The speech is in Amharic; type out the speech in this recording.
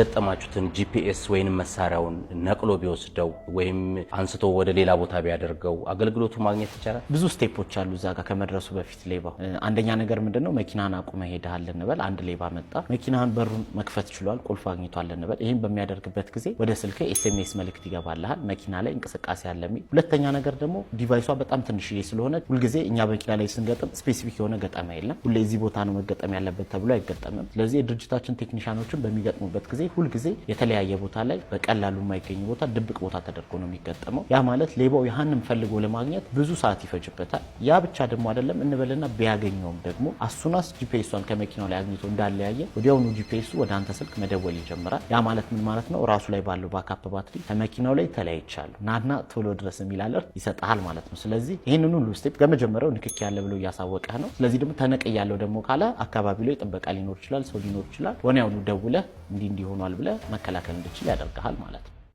የገጠማችሁትን ጂፒኤስ ወይም መሳሪያውን ነቅሎ ቢወስደው ወይም አንስቶ ወደ ሌላ ቦታ ቢያደርገው አገልግሎቱ ማግኘት ይቻላል። ብዙ ስቴፖች አሉ እዛ ጋር ከመድረሱ በፊት ሌባው። አንደኛ ነገር ምንድነው መኪናን አቁመ ሄደሃል እንበል፣ አንድ ሌባ መጣ፣ መኪናን በሩን መክፈት ችሏል፣ ቁልፍ አግኝቷል እንበል። ይህም በሚያደርግበት ጊዜ ወደ ስልክ ኤስኤምኤስ መልእክት ይገባልሃል መኪና ላይ እንቅስቃሴ አለ የሚል። ሁለተኛ ነገር ደግሞ ዲቫይሷ በጣም ትንሽዬ ስለሆነ ሁልጊዜ እኛ በመኪና ላይ ስንገጥም ስፔሲፊክ የሆነ ገጠማ የለም። ሁሌ እዚህ ቦታ ነው መገጠም ያለበት ተብሎ አይገጠምም። ስለዚህ የድርጅታችን ቴክኒሻኖችን በሚገጥሙበት ጊዜ ስለዚህ ሁልጊዜ የተለያየ ቦታ ላይ በቀላሉ የማይገኝ ቦታ ድብቅ ቦታ ተደርጎ ነው የሚገጠመው። ያ ማለት ሌባው ያህንም ፈልጎ ለማግኘት ብዙ ሰዓት ይፈጅበታል። ያ ብቻ ደግሞ አይደለም እንበልና ቢያገኘውም ደግሞ አሱናስ ጂፒኤሷን ከመኪናው ላይ አግኝቶ እንዳለያየ ወዲያውኑ ጂፒኤሱ ወደ አንተ ስልክ መደወል ይጀምራል። ያ ማለት ምን ማለት ነው? ራሱ ላይ ባለው ባካፕ ባትሪ ከመኪናው ላይ ተለያይቻሉ ናና ቶሎ ድረስ የሚል አለርት ማለት ነው። ስለዚህ ይህንን ሁሉ ስቴፕ ከመጀመሪያው ንክኪ ያለ ብሎ እያሳወቀህ ነው። ስለዚህ ደግሞ ተነቀ ያለው ደግሞ ካለ አካባቢ ላይ ጥበቃ ሊኖር ይችላል፣ ሰው ሊኖር ይችላል። ወዲያውኑ ደውለህ እንዲህ እንዲሆ ሆኗል ብለህ መከላከል እንድችል ያደርግሃል ማለት ነው።